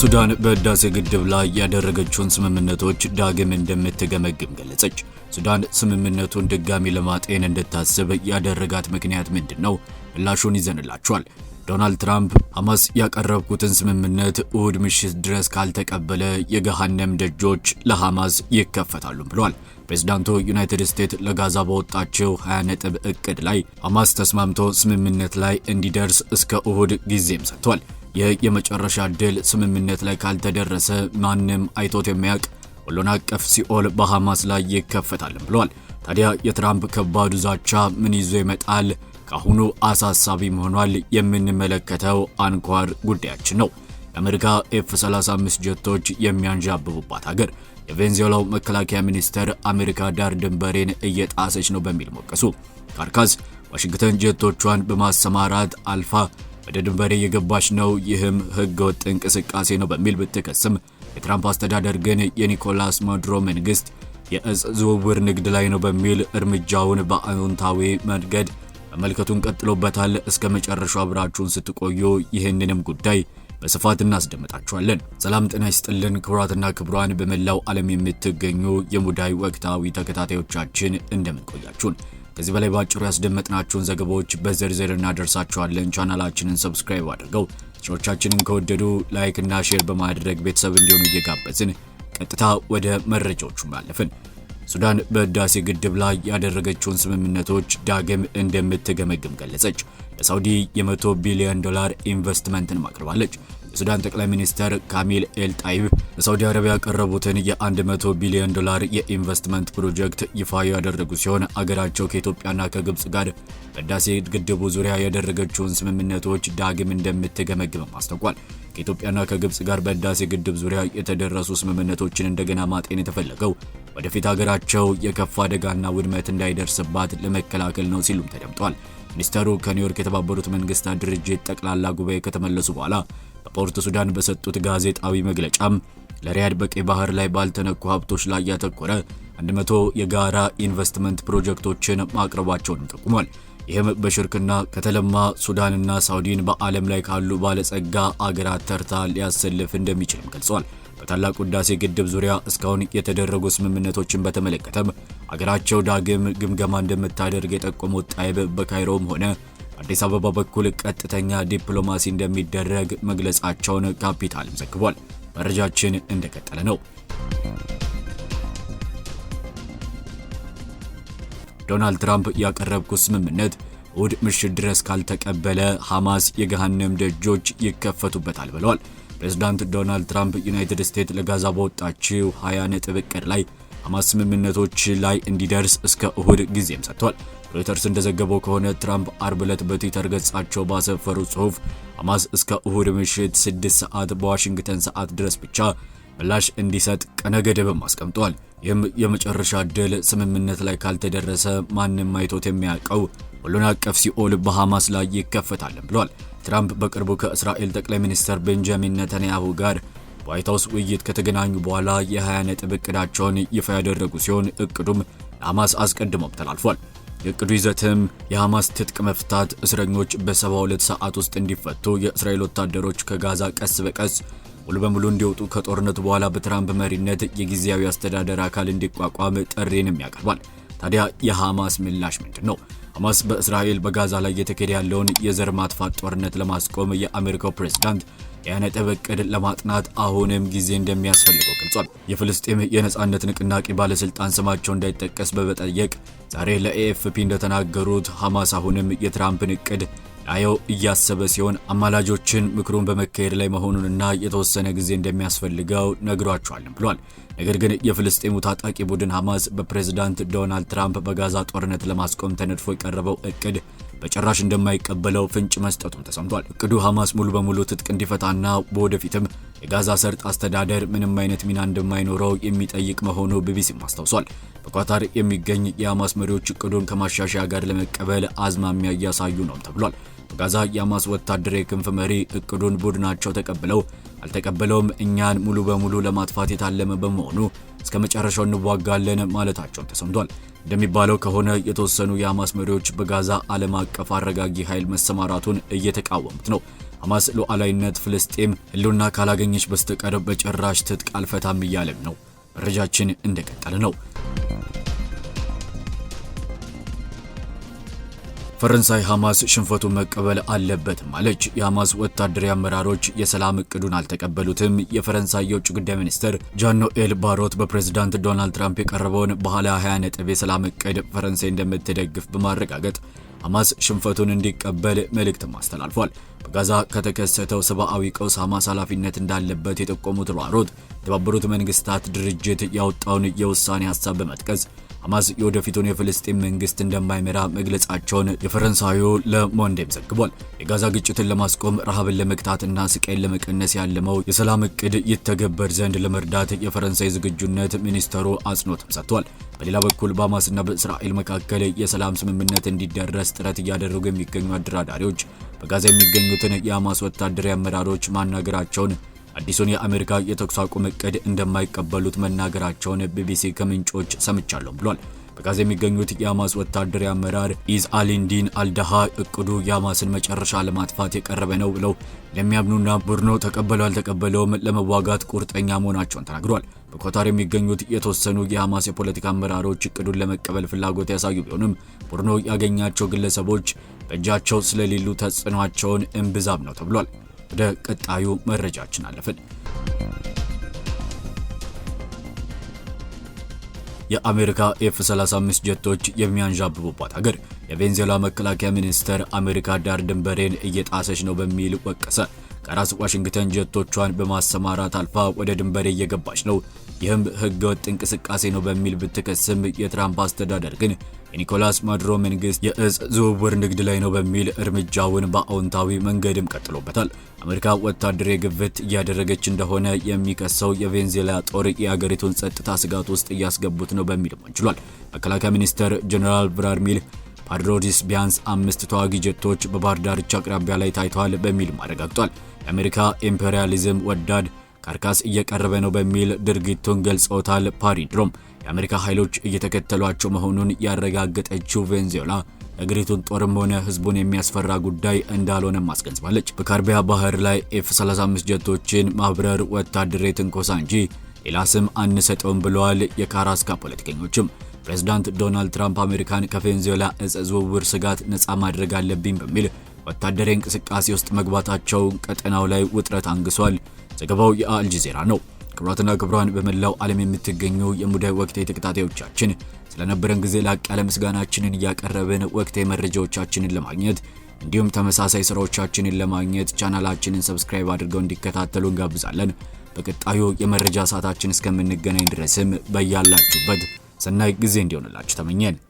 ሱዳን በህዳሴ ግድብ ላይ ያደረገችውን ስምምነቶች ዳግም እንደምትገመግም ገለጸች። ሱዳን ስምምነቱን ድጋሚ ለማጤን እንድታስብ ያደረጋት ምክንያት ምንድን ነው? ምላሹን ይዘንላቸዋል። ዶናልድ ትራምፕ ሐማስ ያቀረብኩትን ስምምነት እሁድ ምሽት ድረስ ካልተቀበለ የገሃነም ደጆች ለሐማስ ይከፈታሉ ብሏል። ፕሬዝዳንቱ ዩናይትድ ስቴትስ ለጋዛ በወጣችው 20 ነጥብ እቅድ ላይ ሐማስ ተስማምቶ ስምምነት ላይ እንዲደርስ እስከ እሁድ ጊዜም ሰጥቷል። ይህ የመጨረሻ ድል ስምምነት ላይ ካልተደረሰ ማንም አይቶት የሚያውቅ ሁሉን አቀፍ ሲኦል በሐማስ ላይ ይከፈታልም ብለዋል። ታዲያ የትራምፕ ከባዱ ዛቻ ምን ይዞ ይመጣል? ካሁኑ አሳሳቢም ሆኗል የምንመለከተው አንኳር ጉዳያችን ነው። የአሜሪካ ኤፍ 35 ጀቶች የሚያንዣብቡባት ሀገር የቬንዙዌላው መከላከያ ሚኒስተር አሜሪካ ዳር ድንበሬን እየጣሰች ነው በሚል ሞቀሱ። ካርካስ ዋሽንግተን ጀቶቿን በማሰማራት አልፋ ወደ ድንበሬ እየገባች ነው፣ ይህም ህገወጥ እንቅስቃሴ ነው በሚል ብትከስም የትራምፕ አስተዳደር ግን የኒኮላስ ማዱሮ መንግስት የእጽ ዝውውር ንግድ ላይ ነው በሚል እርምጃውን በአዎንታዊ መንገድ መመልከቱን ቀጥሎበታል። እስከ መጨረሻው አብራችሁን ስትቆዩ ይህንንም ጉዳይ በስፋት እናስደምጣችኋለን። ሰላም ጤና ይስጥልን ክቡራትና ክቡራን፣ በመላው ዓለም የምትገኙ የሙዳይ ወቅታዊ ተከታታዮቻችን እንደምንቆያችሁን ከዚህ በላይ በአጭሩ ያስደመጥናቸውን ዘገባዎች በዝርዝር እናደርሳችኋለን። ቻናላችንን ሰብስክራይብ አድርገው ሾዎቻችንን ከወደዱ ላይክ እና ሼር በማድረግ ቤተሰብ እንዲሆኑ እየጋበዝን ቀጥታ ወደ መረጃዎቹ ማለፍን። ሱዳን በህዳሴ ግድብ ላይ ያደረገችውን ስምምነቶች ዳግም እንደምትገመግም ገለጸች። ለሳውዲ የ100 ቢሊዮን ዶላር ኢንቨስትመንትን ማቅርባለች። የሱዳን ጠቅላይ ሚኒስትር ካሚል ኤል ጣይብ በሳውዲ አረቢያ ያቀረቡትን የ100 ቢሊዮን ዶላር የኢንቨስትመንት ፕሮጀክት ይፋ ያደረጉ ሲሆን አገራቸው ከኢትዮጵያና ከግብፅ ጋር በህዳሴ ግድቡ ዙሪያ ያደረገችውን ስምምነቶች ዳግም እንደምትገመግም አስታውቋል። ከኢትዮጵያና ከግብፅ ጋር በህዳሴ ግድብ ዙሪያ የተደረሱ ስምምነቶችን እንደገና ማጤን የተፈለገው ወደፊት አገራቸው የከፋ አደጋና ውድመት እንዳይደርስባት ለመከላከል ነው ሲሉም ተደምጧል። ሚኒስተሩ ከኒውዮርክ የተባበሩት መንግስታት ድርጅት ጠቅላላ ጉባኤ ከተመለሱ በኋላ በፖርት ሱዳን በሰጡት ጋዜጣዊ መግለጫም ለሪያድ በቀይ ባህር ላይ ባልተነኩ ሀብቶች ላይ ያተኮረ 100 የጋራ ኢንቨስትመንት ፕሮጀክቶችን ማቅረባቸውንም ጠቁሟል። ይህም በሽርክና ከተለማ ሱዳንና ሳውዲን በዓለም ላይ ካሉ ባለጸጋ አገራት ተርታ ሊያሰልፍ እንደሚችልም ገልጿል። በታላቁ ህዳሴ ግድብ ዙሪያ እስካሁን የተደረጉ ስምምነቶችን በተመለከተም አገራቸው ዳግም ግምገማ እንደምታደርግ የጠቆሙት ጣይብ በካይሮም ሆነ አዲስ አበባ በኩል ቀጥተኛ ዲፕሎማሲ እንደሚደረግ መግለጻቸውን ካፒታልም ዘግቧል። መረጃችን እንደቀጠለ ነው። ዶናልድ ትራምፕ ያቀረብኩት ስምምነት እሁድ ምሽት ድረስ ካልተቀበለ ሐማስ የገሃነም ደጆች ይከፈቱበታል ብለዋል። ፕሬዚዳንት ዶናልድ ትራምፕ ዩናይትድ ስቴትስ ለጋዛ በወጣችው 20 ነጥብ ላይ ሐማስ ስምምነቶች ላይ እንዲደርስ እስከ እሁድ ጊዜም ሰጥቷል። ሮይተርስ እንደዘገበው ከሆነ ትራምፕ አርብ ዕለት በትዊተር ገጻቸው ባሰፈሩ ጽሑፍ ሐማስ እስከ እሁድ ምሽት 6 ሰዓት በዋሽንግተን ሰዓት ድረስ ብቻ ምላሽ እንዲሰጥ ቀነ ገደብም አስቀምጧል። ይህም የመጨረሻ ድል ስምምነት ላይ ካልተደረሰ ማንም አይቶት የሚያውቀው ሁሉን አቀፍ ሲኦል በሐማስ ላይ ይከፈታልም ብሏል። ትራምፕ በቅርቡ ከእስራኤል ጠቅላይ ሚኒስትር ቤንጃሚን ነተንያሁ ጋር በዋይት ሀውስ ውይይት ከተገናኙ በኋላ የ20 ነጥብ እቅዳቸውን ይፋ ያደረጉ ሲሆን እቅዱም ለሐማስ አስቀድሞም ተላልፏል። የእቅዱ ይዘትም የሐማስ ትጥቅ መፍታት፣ እስረኞች በ72 ሰዓት ውስጥ እንዲፈቱ፣ የእስራኤል ወታደሮች ከጋዛ ቀስ በቀስ ሙሉ በሙሉ እንዲወጡ፣ ከጦርነቱ በኋላ በትራምፕ መሪነት የጊዜያዊ አስተዳደር አካል እንዲቋቋም ጥሪንም ያቀርባል። ታዲያ የሐማስ ምላሽ ምንድን ነው? ሐማስ በእስራኤል በጋዛ ላይ እየተካሄደ ያለውን የዘር ማጥፋት ጦርነት ለማስቆም የአሜሪካው ፕሬዝዳንት የነጥብ እቅድ ለማጥናት አሁንም ጊዜ እንደሚያስፈልገው ገልጿል። የፍልስጤም የነጻነት ንቅናቄ ባለስልጣን ስማቸው እንዳይጠቀስ በመጠየቅ ዛሬ ለኤኤፍፒ እንደተናገሩት ሐማስ አሁንም የትራምፕን እቅድ ላየው እያሰበ ሲሆን አማላጆችን ምክሩን በመካሄድ ላይ መሆኑንና የተወሰነ ጊዜ እንደሚያስፈልገው ነግሯቸዋልም ብሏል። ነገር ግን የፍልስጤሙ ታጣቂ ቡድን ሐማስ በፕሬዝዳንት ዶናልድ ትራምፕ በጋዛ ጦርነት ለማስቆም ተነድፎ የቀረበው እቅድ በጭራሽ እንደማይቀበለው ፍንጭ መስጠቱም ተሰምቷል። እቅዱ ሐማስ ሙሉ በሙሉ ትጥቅ እንዲፈታና በወደፊትም የጋዛ ሰርጥ አስተዳደር ምንም አይነት ሚና እንደማይኖረው የሚጠይቅ መሆኑ ቢቢሲም አስታውሷል። በኳታር የሚገኝ የሐማስ መሪዎች እቅዱን ከማሻሻያ ጋር ለመቀበል አዝማሚያ እያሳዩ ነውም ተብሏል። በጋዛ የሐማስ ወታደራዊ ክንፍ መሪ እቅዱን ቡድናቸው ተቀብለው አልተቀበለውም እኛን ሙሉ በሙሉ ለማጥፋት የታለመ በመሆኑ እስከ መጨረሻው እንዋጋለን ማለታቸው ተሰምቷል። እንደሚባለው ከሆነ የተወሰኑ የሐማስ መሪዎች በጋዛ ዓለም አቀፍ አረጋጊ ኃይል መሰማራቱን እየተቃወሙት ነው። ሐማስ ሉዓላዊነት ፍልስጤም ህልውና ካላገኘች በስተቀር በጭራሽ ትጥቅ አልፈታም እያለም ነው። መረጃችን እንደቀጠለ ነው። ፈረንሳይ ሐማስ ሽንፈቱን መቀበል አለበት ማለች። የሐማስ ወታደራዊ አመራሮች የሰላም እቅዱን አልተቀበሉትም። የፈረንሳይ የውጭ ጉዳይ ሚኒስትር ኖኤል ባሮት በፕሬዝዳንት ዶናልድ ትራምፕ የቀረበውን ባለ 20 ነጥብ የሰላም እቅድ ፈረንሳይ እንደምትደግፍ በማረጋገጥ ሐማስ ሽንፈቱን እንዲቀበል መልእክትም አስተላልፏል። በጋዛ ከተከሰተው ሰብአዊ ቀውስ ሐማስ ኃላፊነት እንዳለበት የጠቆሙት ሯሮት የተባበሩት መንግስታት ድርጅት ያወጣውን የውሳኔ ሀሳብ በመጥቀስ ሐማስ የወደፊቱን የፍልስጤም መንግስት እንደማይመራ መግለጻቸውን የፈረንሳዩ ለሞንዴም ዘግቧል። የጋዛ ግጭትን ለማስቆም ረሃብን ለመግታትና ስቃይን ለመቀነስ ያለመው የሰላም እቅድ ይተገበር ዘንድ ለመርዳት የፈረንሳይ ዝግጁነት ሚኒስተሩ አጽንኦትም ሰጥቷል። በሌላ በኩል በሐማስና በእስራኤል መካከል የሰላም ስምምነት እንዲደረስ ለመመለስ ጥረት እያደረጉ የሚገኙ አደራዳሪዎች በጋዛ የሚገኙትን የሐማስ ወታደራዊ አመራሮች ማናገራቸውን አዲሱን የአሜሪካ የተኩስ አቁም እቅድ እንደማይቀበሉት መናገራቸውን ቢቢሲ ከምንጮች ሰምቻለሁ ብሏል። በጋዛ የሚገኙት የሐማስ ወታደራዊ አመራር ኢዝ አሊንዲን አልዳሃ እቅዱ የሐማስን መጨረሻ ለማጥፋት የቀረበ ነው ብለው ለሚያምኑና ቡድኑ ተቀበለው አልተቀበለውም ለመዋጋት ቁርጠኛ መሆናቸውን ተናግሯል። በኳታር የሚገኙት የተወሰኑ የሐማስ የፖለቲካ አመራሮች እቅዱን ለመቀበል ፍላጎት ያሳዩ ቢሆንም ቡድኑ ያገኛቸው ግለሰቦች በእጃቸው ስለሌሉ ተጽዕኗቸውን እምብዛም ነው ተብሏል። ወደ ቀጣዩ መረጃችን አለፍን። የአሜሪካ ኤፍ 35 ጀቶች የሚያንዣብቡባት ሀገር የቬንዙዌላ መከላከያ ሚኒስትር አሜሪካ ዳር ድንበሬን እየጣሰች ነው በሚል ወቀሰ። ከራስ ዋሽንግተን ጀቶቿን በማሰማራት አልፋ ወደ ድንበሬ እየገባች ነው፣ ይህም ህገወጥ እንቅስቃሴ ነው በሚል ብትከስም የትራምፕ አስተዳደር ግን የኒኮላስ ማድሮ መንግስት የእጽ ዝውውር ንግድ ላይ ነው በሚል እርምጃውን በአዎንታዊ መንገድም ቀጥሎበታል። አሜሪካ ወታደራዊ ግብት እያደረገች እንደሆነ የሚከሰው የቬንዜላ ጦር የአገሪቱን ጸጥታ ስጋት ውስጥ እያስገቡት ነው በሚል ወንጅሏል። መከላከያ ሚኒስተር ጀኔራል ብራድሚል ፓድሮዲስ ቢያንስ አምስት ተዋጊ ጀቶች በባህር ዳርቻ አቅራቢያ ላይ ታይተዋል በሚልም አረጋግጧል። የአሜሪካ ኢምፔሪያሊዝም ወዳድ ካርካስ እየቀረበ ነው በሚል ድርጊቱን ገልጸውታል። ፓሪድሮም የአሜሪካ ኃይሎች እየተከተሏቸው መሆኑን ያረጋገጠችው ቬንዙዌላ የአገሪቱን ጦርም ሆነ ህዝቡን የሚያስፈራ ጉዳይ እንዳልሆነም አስገንዝባለች። በካርቢያ ባህር ላይ ኤፍ 35 ጀቶችን ማብረር ወታደራዊ ትንኮሳ እንጂ ሌላ ስም አንሰጠውም ብለዋል የካራስካ ፖለቲከኞችም ፕሬዝዳንት ዶናልድ ትራምፕ አሜሪካን ከቬንዙዌላ እጽ ዝውውር ስጋት ነፃ ማድረግ አለብኝ በሚል ወታደራዊ እንቅስቃሴ ውስጥ መግባታቸው ቀጠናው ላይ ውጥረት አንግሷል። ዘገባው የአልጀዚራ ነው። ክቡራትና ክቡራን በመላው ዓለም የምትገኙ የሙዳይ ወቅታዊ ተከታታዮቻችን ስለነበረን ጊዜ ላቅ ያለ ምስጋናችንን እያቀረብን ወቅታዊ መረጃዎቻችንን ለማግኘት እንዲሁም ተመሳሳይ ስራዎቻችንን ለማግኘት ቻናላችንን ሰብስክራይብ አድርገው እንዲከታተሉ እንጋብዛለን። በቀጣዩ የመረጃ ሰዓታችን እስከምንገናኝ ድረስም በያላችሁበት ሰናይ ጊዜ እንዲሆንላችሁ ተመኘን።